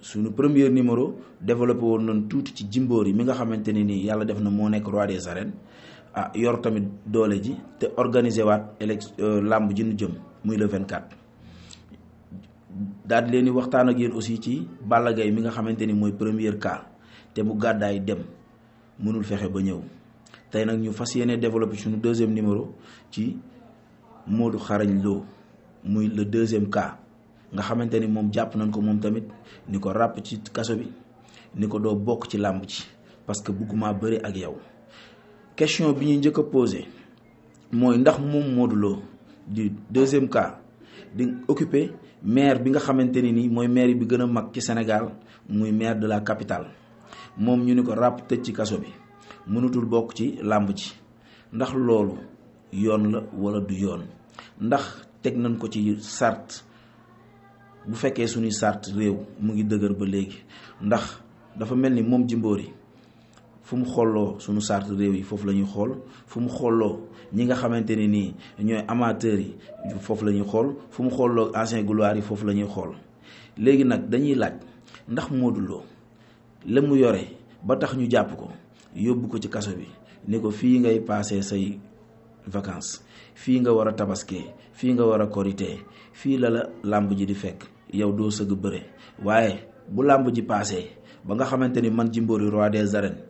suñu premier numéro développé woon nañ tuuti ci jimboor yi mi nga xamante ni def na roi des arènes ah yor tamit doole ji te élect euh, ji nu jëm muy le 24. daal di leen di waxtaan ak yéen aussi ci de mi nga xamante ni premier cas te mu gàddaay dem mënul fexe ba ñëw tey nag ñu fas développé suñu deuxième numéro ci Modou Xarañ Lo muy le deuxième cas. nga xamante ni moom jàpp nañ ko moom tamit ni ko ràpp ci kaso bi ni ko doo bokk ci làmb ci parce que bëgguma bëri ak yow question bi ñuy njëkk a posé mooy ndax moom Modou Lo du deuxième cas di occupé maire bi nga xamante ni nii mooy maire bi gën a mag ci Sénégal muy maire de la capitale moom ñu ni ko ràpp tëj ci kaso bi mënatul bokk ci làmb ji ndax loolu yoon la wala du yoon ndax teg nañ ko ci sart bu fekkee suñuy sart réew mu ngi dëgër ba léegi ndax dafa mel ni moom Jimbori yi fu mu xolloo suñu sart réew yi foofu la ñuy xool fu mu xolloo ñi nga xamante ne nii ñooy amateurs yi foofu la ñuy xool fu mu xolloo ancien gloire yi foofu la ñuy xool léegi nag dañuy laaj ndax Modou Lo la mu yore ba tax ñu jàpp ko yóbbu ko ci kaso bi ni ko fii ngay paasee say vacances fii nga war a tabaskee fii nga war a koritee fii la la làmb ji di fekk yow doo sëgg bëre waaye bu làmb ji paasee ba nga xamante ni man Jimbori roi des arènes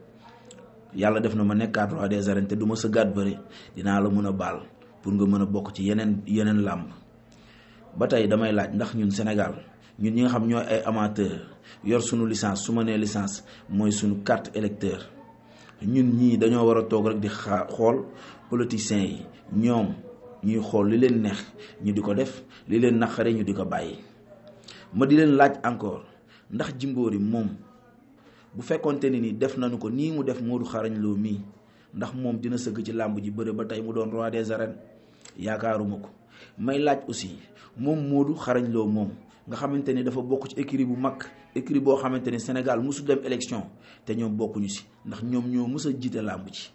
yàlla def na ma nekkaat roi des arènes te du ma sëggaat bëre dinaa la mën a baal pour nga mën a bokk ci yeneen yeneen làmb ba tey damay laaj ndax ñun Sénégal ñun ñi nga xam ñooy ay amateur yor sunu licence su ma nee licence mooy suñu carte électeur ñun ñii dañoo war a toog rek di xaar xool politiciens yi ñoom ñuy xool li leen neex ñu di ko def li leen naqare ñu di ko bàyyi ma di leen laaj encore ndax Jimbori moom bu fekkonte ne ni def nañu ko nii mu def Modou Xarañ Lo mii ndax moom dina sëgg ci làmb ji bëre ba tey mu doon roi des arènes yaakaaruma ko may laaj aussi moom Modou Xarañ loo moom nga xamante ni dafa bokk ci écurie bu mag écurie boo xamante ni Sénégal musu dem élection te ñoom bokkuñu si ndax ñoom ñoo mës a jiite làmb ji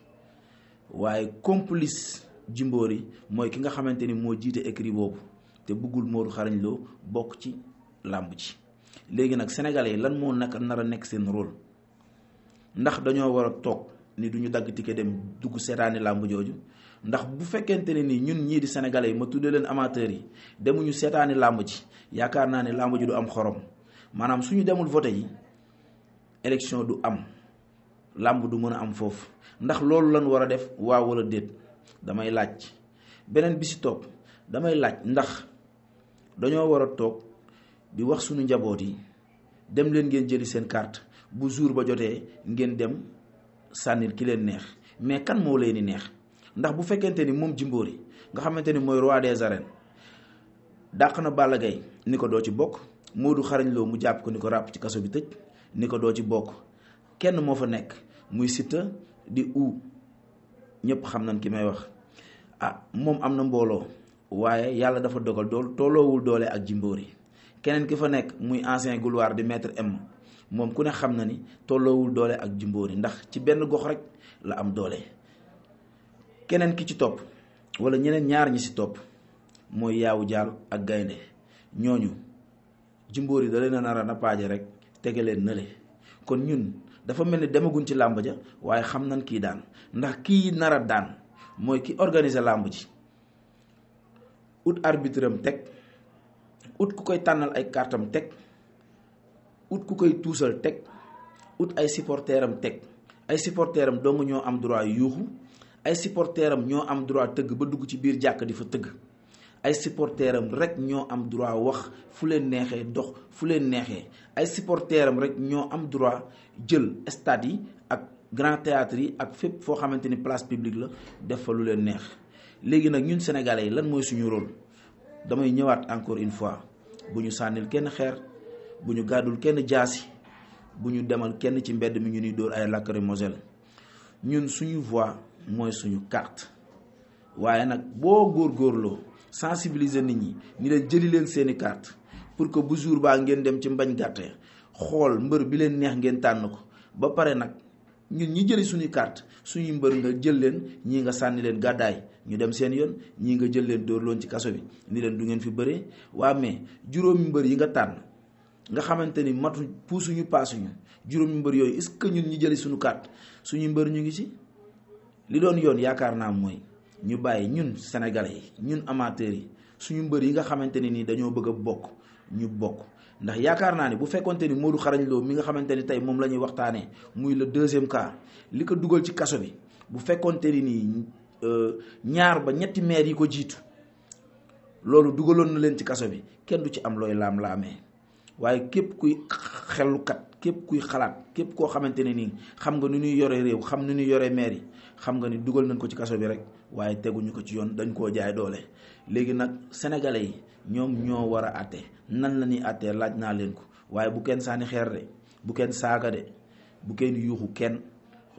waaye complice jimboor yi mooy ki nga xamante ni moo jiite écrit boobu te bëggul Modou Xarañ Lo bokk ci làmb ji léegi nag sénégalais yi lan moo naka nar a nekk seen rôle ndax dañoo war a toog ni duñu dagg ticket dem dugg seetaani làmb jooju ndax bu fekkente ne ni ñun ñii di sénégalais yi ma tuddee leen amateurs yi demuñu seetaani làmb ji yaakaar naa ne làmb ji du am xorom maanaam suñu demul voté yi élection du am lamb du mëna am fofu ndax loolu lan wara def waa wala déet damay laaj beneen bi si topp damay laaj ndax dañoo war a toog di wax suñu njaboot yi dem leen ngeen jëli seen carte bu jour ba jotee ngeen dem sànnil ki leen neex mais kan moo leen di neex ndax bu fekkente ni moom nga xamante ni roi des arènes dàq na ni ci bokk Modou xarañ loo mu jàpp ko ni ko ràpp ci kaso bi tëj ni ko ci bokk kenn moo fa nekk muy Siteu di u ñëpp xam nañ ki may wax ah moom am na mbooloo waaye yàlla dafa dogal dool tolloowul doole ak jimboor yi keneen ki fa nekk muy ancien gloire di maître M moom ku ne xam na ni tolloowul doole ak jimboor yi ndax ci benn gox rek la am doole keneen ki ci topp wala ñeneen ñaar ñi si topp mooy yaawu jaal ak gaynde ñooñu jimboor yi da leen a nar a napaaje rek tege leen nële kon ñun dafa mel ni demaguñ ci làmb ja waaye xam nañ kii daan ndax kii nar a daan mooy ki organiser làmb ji ut arbitre teg ut ku koy tànnal ay kartam teg ut ku koy tuusal teg ut ay supporter am teg ay supporter am dong ñoo am droit yuuxu ay supporter am ñoo am droit tëgg ba dugg ci biir jàkk di fa tëgg ay supporteram rek ñoo am droit wax fu leen neexee dox fu leen neexee ay supporteram rek ñoo am droit jël stade yi ak grand théâtre yi ak fépp foo xamante ni place publique la def fa lu leen neex léegi nag ñun sénégalais yi lan mooy suñu rôle damay ñëwaat encore une fois bu ñu sànnil kenn xeer bu ñu gàddul kenn jaasi bu ñu demal kenn ci mbedd mi ñu nuy dóor ay lacrymogène ñun suñu voix mooy suñu carte waaye nag boo góor góorgóorloo sensibiliser nit ñi ñu leen jëli leen seeni carte pour que bu jour baa ngeen dem ci mbañ gàtte xool mbër bi leen neex ngeen tànn ko ba pare nag ñun ñi jëli suñuy carte suñu mbër nga jël leen ñii nga sànni leen gàddaay ñu dem seen yoon ñii nga jël leen dóor ci kaso bi ni leen du ngeen fi bëree waa mais juróomi mbër yi nga tànn nga xamante ni matu puusuñu paasuñu juróomi mbër yooyu est-ce que ñun ñu jëli suñu carte suñu mbër ñu ngi ci li doon yoon yaakaar naa mooy ñu bàyyi ñun sénégalais yi ñun amateurs yi suñu mbër yi nga xamante ne nii dañoo bëgg a bokk ñu bokk ndax yaakaar naa ne bu fekkonte ni Modou Xarañ Lo mi nga xamante ni tey moom la ñuy waxtaanee muy le deuxième cas li ko dugal ci kaso bi bu fekkonte ni nii euh, ñaar ba ñetti maire yi ko jiitu loolu dugaloon na leen ci kaso bi kenn du ci am looy laam-laamee waaye képp kuy xelukat képp kuy xalaat képp koo xamante ne nii xam nga nu ñuy yoree réew xam nu ñuy yore maire yi xam nga ni dugal nañ ko ci kaso bi rek waaye teguñu ko ci yoon dañ koo jaay doole léegi nag sénégalais yi ñoom ñoo war a àtte nan la ni àttee laaj naa leen ko waaye bu kenn sànni xeer de bu kenn saaka de bu kenn yuuxu kenn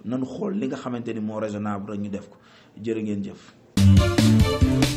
nanu xool li nga xamante ni moo raisonnable rek ñu def ko jërë ngeen jëf